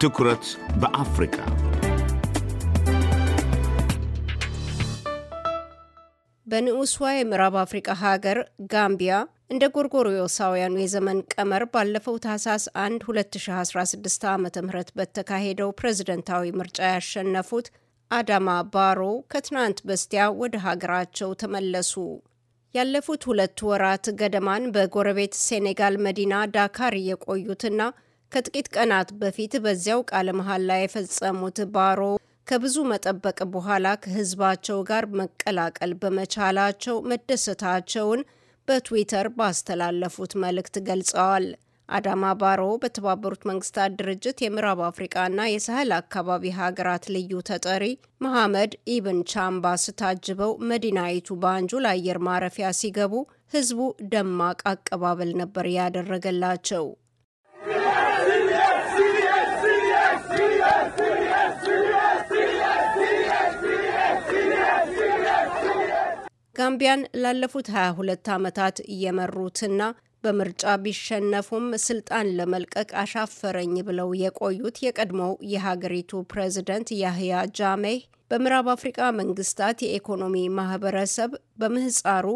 ትኩረት በአፍሪካ በንዑስዋ የምዕራብ አፍሪቃ ሀገር ጋምቢያ እንደ ጎርጎሮሳውያኑ የዘመን ቀመር ባለፈው ታህሳስ 1 2016 ዓ ም በተካሄደው ፕሬዝደንታዊ ምርጫ ያሸነፉት አዳማ ባሮ ከትናንት በስቲያ ወደ ሀገራቸው ተመለሱ። ያለፉት ሁለት ወራት ገደማን በጎረቤት ሴኔጋል መዲና ዳካር የቆዩትና ከጥቂት ቀናት በፊት በዚያው ቃለ ላይ የፈጸሙት ባሮ ከብዙ መጠበቅ በኋላ ከህዝባቸው ጋር መቀላቀል በመቻላቸው መደሰታቸውን በትዊተር ባስተላለፉት መልእክት ገልጸዋል። አዳማ ባሮ በተባበሩት መንግስታት ድርጅት የምዕራብ አፍሪቃና የሳህል አካባቢ ሀገራት ልዩ ተጠሪ መሐመድ ኢብን ቻምባስ ታጅበው መዲናይቱ ባንጁል አየር ማረፊያ ሲገቡ ህዝቡ ደማቅ አቀባበል ነበር ያደረገላቸው። ጋምቢያን ላለፉት 22 ዓመታት እየመሩትና በምርጫ ቢሸነፉም ስልጣን ለመልቀቅ አሻፈረኝ ብለው የቆዩት የቀድሞው የሀገሪቱ ፕሬዝደንት ያህያ ጃሜህ በምዕራብ አፍሪቃ መንግስታት የኢኮኖሚ ማህበረሰብ በምህፃሩ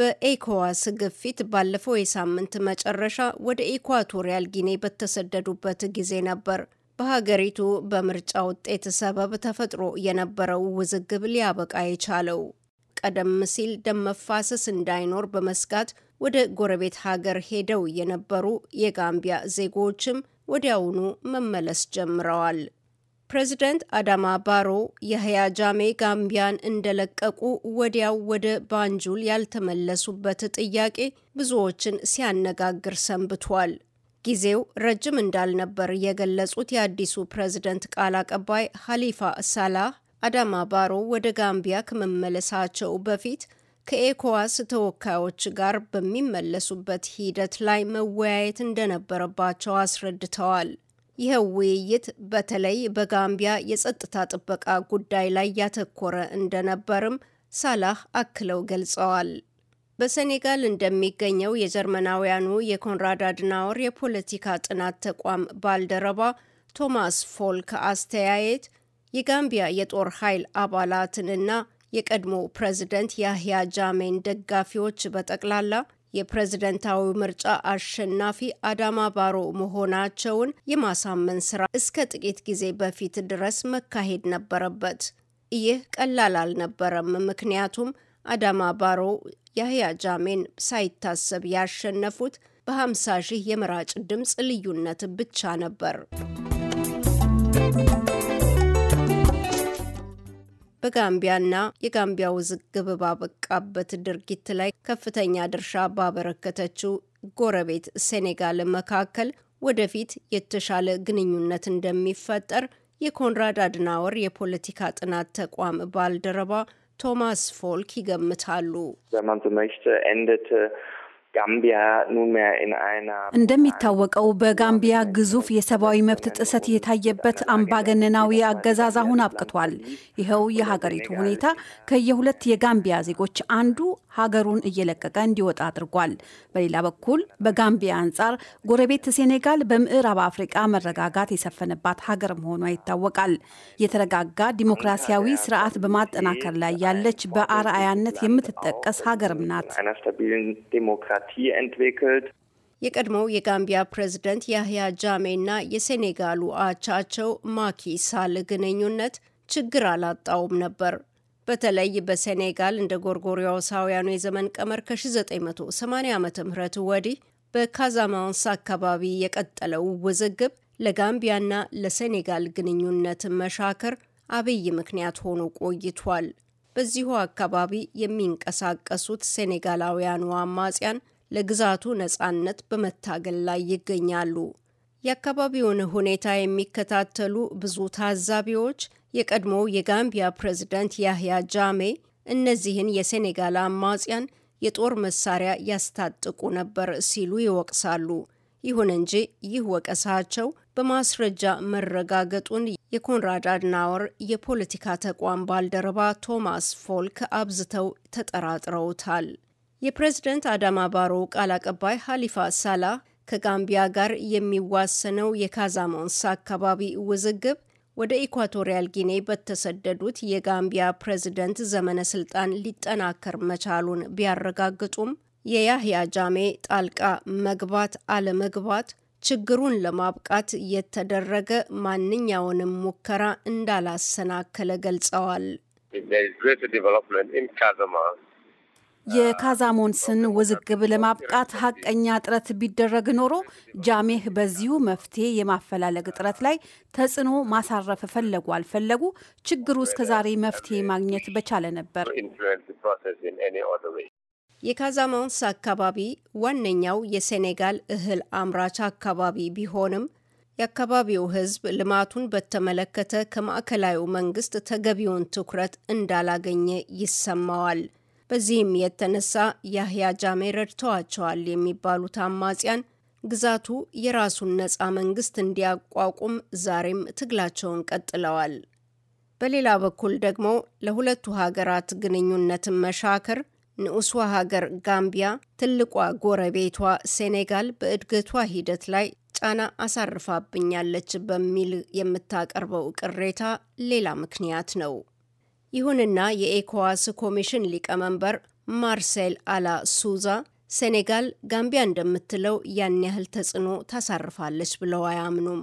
በኤኮዋስ ግፊት ባለፈው የሳምንት መጨረሻ ወደ ኢኳቶሪያል ጊኔ በተሰደዱበት ጊዜ ነበር በሀገሪቱ በምርጫ ውጤት ሰበብ ተፈጥሮ የነበረው ውዝግብ ሊያበቃ የቻለው። ቀደም ሲል ደም መፋሰስ እንዳይኖር በመስጋት ወደ ጎረቤት ሀገር ሄደው የነበሩ የጋምቢያ ዜጎችም ወዲያውኑ መመለስ ጀምረዋል። ፕሬዚደንት አዳማ ባሮ የህያ ጃሜ ጋምቢያን እንደለቀቁ ወዲያው ወደ ባንጁል ያልተመለሱበት ጥያቄ ብዙዎችን ሲያነጋግር ሰንብቷል። ጊዜው ረጅም እንዳልነበር የገለጹት የአዲሱ ፕሬዝደንት ቃል አቀባይ ሀሊፋ ሳላህ አዳማ ባሮ ወደ ጋምቢያ ከመመለሳቸው በፊት ከኤኮዋስ ተወካዮች ጋር በሚመለሱበት ሂደት ላይ መወያየት እንደነበረባቸው አስረድተዋል። ይህ ውይይት በተለይ በጋምቢያ የጸጥታ ጥበቃ ጉዳይ ላይ ያተኮረ እንደነበርም ሳላህ አክለው ገልጸዋል። በሴኔጋል እንደሚገኘው የጀርመናውያኑ የኮንራድ አድናወር የፖለቲካ ጥናት ተቋም ባልደረባ ቶማስ ፎልክ አስተያየት የጋምቢያ የጦር ኃይል አባላትንና የቀድሞ ፕሬዝደንት ያህያ ጃሜን ደጋፊዎች በጠቅላላ የፕሬዝደንታዊ ምርጫ አሸናፊ አዳማ ባሮ መሆናቸውን የማሳመን ስራ እስከ ጥቂት ጊዜ በፊት ድረስ መካሄድ ነበረበት። ይህ ቀላል አልነበረም። ምክንያቱም አዳማ ባሮ ያህያ ጃሜን ሳይታሰብ ያሸነፉት በ50 ሺህ የምራጭ ድምፅ ልዩነት ብቻ ነበር። በጋምቢያና የጋምቢያ ውዝግብ ባበቃበት ድርጊት ላይ ከፍተኛ ድርሻ ባበረከተችው ጎረቤት ሴኔጋል መካከል ወደፊት የተሻለ ግንኙነት እንደሚፈጠር የኮንራድ አድናወር የፖለቲካ ጥናት ተቋም ባልደረባ ቶማስ ፎልክ ይገምታሉ። ጋምቢያ nunmehr ኢንአይና እንደሚታወቀው በጋምቢያ ግዙፍ የሰብአዊ መብት ጥሰት የታየበት አምባገነናዊ አገዛዝ አሁን አብቅቷል። ይኸው የሀገሪቱ ሁኔታ ከየሁለት የጋምቢያ ዜጎች አንዱ ሀገሩን እየለቀቀ እንዲወጣ አድርጓል። በሌላ በኩል በጋምቢያ አንጻር ጎረቤት ሴኔጋል በምዕራብ አፍሪቃ መረጋጋት የሰፈነባት ሀገር መሆኗ ይታወቃል። የተረጋጋ ዲሞክራሲያዊ ስርዓት በማጠናከር ላይ ያለች በአርአያነት የምትጠቀስ ሀገርም ናት። Demokratie entwickelt. የቀድሞው የጋምቢያ ፕሬዝደንት ያህያ ጃሜና የሴኔጋሉ አቻቸው ማኪ ሳል ግንኙነት ችግር አላጣውም ነበር። በተለይ በሴኔጋል እንደ ጎርጎሪያውሳውያኑ የዘመን ቀመር ከ1980 ዓ ም ወዲህ በካዛማንስ አካባቢ የቀጠለው ውዝግብ ለጋምቢያና ለሴኔጋል ግንኙነት መሻከር አብይ ምክንያት ሆኖ ቆይቷል። በዚሁ አካባቢ የሚንቀሳቀሱት ሴኔጋላውያኑ አማጽያን ለግዛቱ ነጻነት በመታገል ላይ ይገኛሉ። የአካባቢውን ሁኔታ የሚከታተሉ ብዙ ታዛቢዎች የቀድሞው የጋምቢያ ፕሬዝዳንት ያህያ ጃሜ እነዚህን የሴኔጋል አማጽያን የጦር መሳሪያ ያስታጥቁ ነበር ሲሉ ይወቅሳሉ። ይሁን እንጂ ይህ ወቀሳቸው በማስረጃ መረጋገጡን የኮንራድ አድናወር የፖለቲካ ተቋም ባልደረባ ቶማስ ፎልክ አብዝተው ተጠራጥረውታል። የፕሬዝደንት አዳማ ባሮ ቃል አቀባይ ሀሊፋ ሳላ ከጋምቢያ ጋር የሚዋሰነው የካዛሞንስ አካባቢ ውዝግብ ወደ ኢኳቶሪያል ጊኔ በተሰደዱት የጋምቢያ ፕሬዝደንት ዘመነ ስልጣን ሊጠናከር መቻሉን ቢያረጋግጡም የያህያ ጃሜ ጣልቃ መግባት አለመግባት ችግሩን ለማብቃት የተደረገ ማንኛውንም ሙከራ እንዳላሰናከለ ገልጸዋል። የካዛሞንስን ውዝግብ ለማብቃት ሀቀኛ ጥረት ቢደረግ ኖሮ ጃሜህ በዚሁ መፍትሄ የማፈላለግ ጥረት ላይ ተጽዕኖ ማሳረፍ ፈለጉ አልፈለጉ ችግሩ እስከዛሬ መፍትሄ ማግኘት በቻለ ነበር። የካዛሞንስ አካባቢ ዋነኛው የሴኔጋል እህል አምራች አካባቢ ቢሆንም የአካባቢው ሕዝብ ልማቱን በተመለከተ ከማዕከላዊው መንግስት ተገቢውን ትኩረት እንዳላገኘ ይሰማዋል። በዚህም የተነሳ ያህያ ጃሜ ረድተዋቸዋል የሚባሉት አማጽያን ግዛቱ የራሱን ነፃ መንግስት እንዲያቋቁም ዛሬም ትግላቸውን ቀጥለዋል። በሌላ በኩል ደግሞ ለሁለቱ ሀገራት ግንኙነትን መሻከር ንዑሷ ሀገር ጋምቢያ ትልቋ ጎረቤቷ ሴኔጋል በእድገቷ ሂደት ላይ ጫና አሳርፋብኛለች በሚል የምታቀርበው ቅሬታ ሌላ ምክንያት ነው። ይሁንና የኤኮዋስ ኮሚሽን ሊቀመንበር ማርሴል አላ ሱዛ ሴኔጋል ጋምቢያ እንደምትለው ያን ያህል ተጽዕኖ ታሳርፋለች ብለው አያምኑም።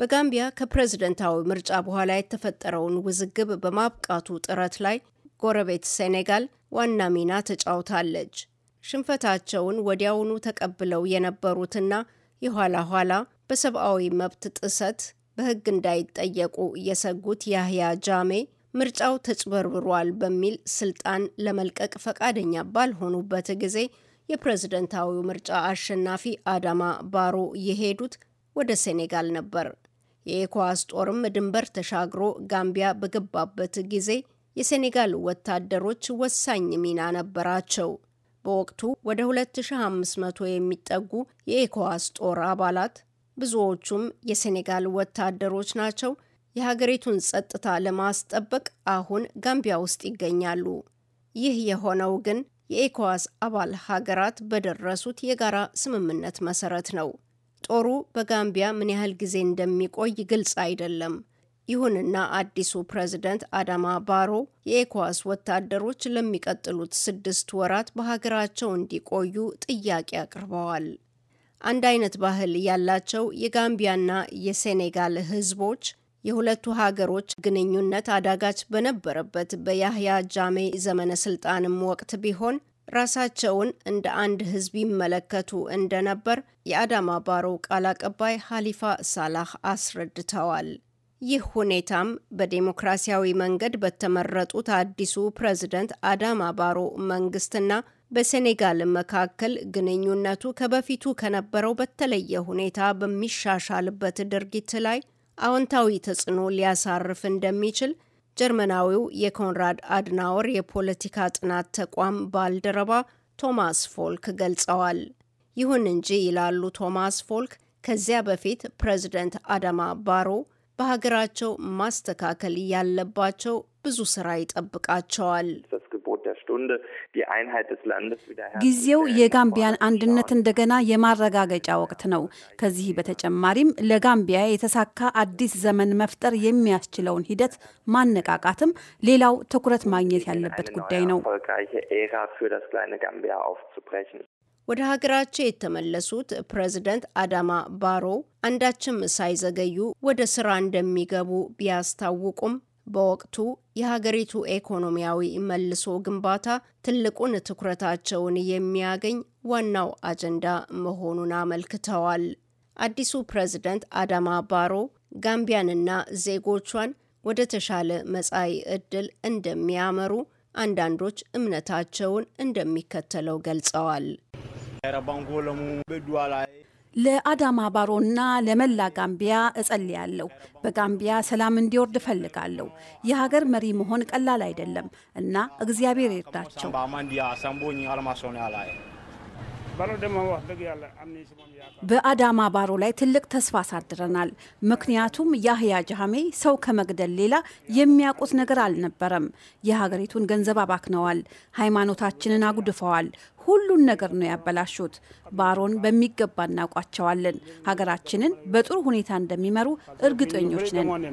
በጋምቢያ ከፕሬዝደንታዊ ምርጫ በኋላ የተፈጠረውን ውዝግብ በማብቃቱ ጥረት ላይ ጎረቤት ሴኔጋል ዋና ሚና ተጫውታለች። ሽንፈታቸውን ወዲያውኑ ተቀብለው የነበሩትና የኋላ ኋላ በሰብአዊ መብት ጥሰት በሕግ እንዳይጠየቁ የሰጉት ያህያ ጃሜ ምርጫው ተጭበርብሯል በሚል ስልጣን ለመልቀቅ ፈቃደኛ ባልሆኑበት ጊዜ የፕሬዝደንታዊው ምርጫ አሸናፊ አዳማ ባሮ የሄዱት ወደ ሴኔጋል ነበር። የኤኳስ ጦርም ድንበር ተሻግሮ ጋምቢያ በገባበት ጊዜ የሴኔጋል ወታደሮች ወሳኝ ሚና ነበራቸው። በወቅቱ ወደ 2500 የሚጠጉ የኤኳስ ጦር አባላት ብዙዎቹም የሴኔጋል ወታደሮች ናቸው የሀገሪቱን ጸጥታ ለማስጠበቅ አሁን ጋምቢያ ውስጥ ይገኛሉ። ይህ የሆነው ግን የኤኮዋስ አባል ሀገራት በደረሱት የጋራ ስምምነት መሰረት ነው። ጦሩ በጋምቢያ ምን ያህል ጊዜ እንደሚቆይ ግልጽ አይደለም። ይሁንና አዲሱ ፕሬዝደንት አዳማ ባሮ የኤኳስ ወታደሮች ለሚቀጥሉት ስድስት ወራት በሀገራቸው እንዲቆዩ ጥያቄ አቅርበዋል። አንድ አይነት ባህል ያላቸው የጋምቢያና የሴኔጋል ህዝቦች የሁለቱ ሀገሮች ግንኙነት አዳጋች በነበረበት በያህያ ጃሜ ዘመነ ስልጣንም ወቅት ቢሆን ራሳቸውን እንደ አንድ ህዝብ ይመለከቱ እንደነበር የአዳማ ባሮ ቃል አቀባይ ሀሊፋ ሳላህ አስረድተዋል። ይህ ሁኔታም በዴሞክራሲያዊ መንገድ በተመረጡት አዲሱ ፕሬዝደንት አዳማ ባሮ መንግስትና በሴኔጋል መካከል ግንኙነቱ ከበፊቱ ከነበረው በተለየ ሁኔታ በሚሻሻልበት ድርጊት ላይ አዎንታዊ ተጽዕኖ ሊያሳርፍ እንደሚችል ጀርመናዊው የኮንራድ አድናወር የፖለቲካ ጥናት ተቋም ባልደረባ ቶማስ ፎልክ ገልጸዋል። ይሁን እንጂ ይላሉ ቶማስ ፎልክ፣ ከዚያ በፊት ፕሬዚደንት አዳማ ባሮ በሀገራቸው ማስተካከል ያለባቸው ብዙ ስራ ይጠብቃቸዋል። ጊዜው የጋምቢያን አንድነት እንደገና የማረጋገጫ ወቅት ነው። ከዚህ በተጨማሪም ለጋምቢያ የተሳካ አዲስ ዘመን መፍጠር የሚያስችለውን ሂደት ማነቃቃትም ሌላው ትኩረት ማግኘት ያለበት ጉዳይ ነው። ወደ ሀገራቸው የተመለሱት ፕሬዚደንት አዳማ ባሮ አንዳችም ሳይዘገዩ ወደ ስራ እንደሚገቡ ቢያስታውቁም በወቅቱ የሀገሪቱ ኢኮኖሚያዊ መልሶ ግንባታ ትልቁን ትኩረታቸውን የሚያገኝ ዋናው አጀንዳ መሆኑን አመልክተዋል። አዲሱ ፕሬዝደንት አዳማ ባሮ ጋምቢያንና ዜጎቿን ወደ ተሻለ መጻኢ ዕድል እንደሚያመሩ አንዳንዶች እምነታቸውን እንደሚከተለው ገልጸዋል። ለአዳማ ባሮና ለመላ ጋምቢያ እጸልያለሁ። በጋምቢያ ሰላም እንዲወርድ እፈልጋለሁ። የሀገር መሪ መሆን ቀላል አይደለም እና እግዚአብሔር ይርዳቸው። በአዳማ ባሮ ላይ ትልቅ ተስፋ አሳድረናል። ምክንያቱም ያህያ ጃሜ ሰው ከመግደል ሌላ የሚያውቁት ነገር አልነበረም። የሀገሪቱን ገንዘብ አባክነዋል፣ ሃይማኖታችንን አጉድፈዋል። ሁሉን ነገር ነው ያበላሹት። ባሮን በሚገባ እናውቋቸዋለን። ሀገራችንን በጥሩ ሁኔታ እንደሚመሩ እርግጠኞች ነን።